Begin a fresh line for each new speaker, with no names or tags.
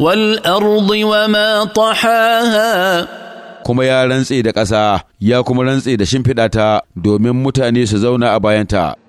والأرض وما طحاها
kuma ya rantse da ƙasa ya kuma rantse da shimfiɗa ta domin mutane su zauna a bayanta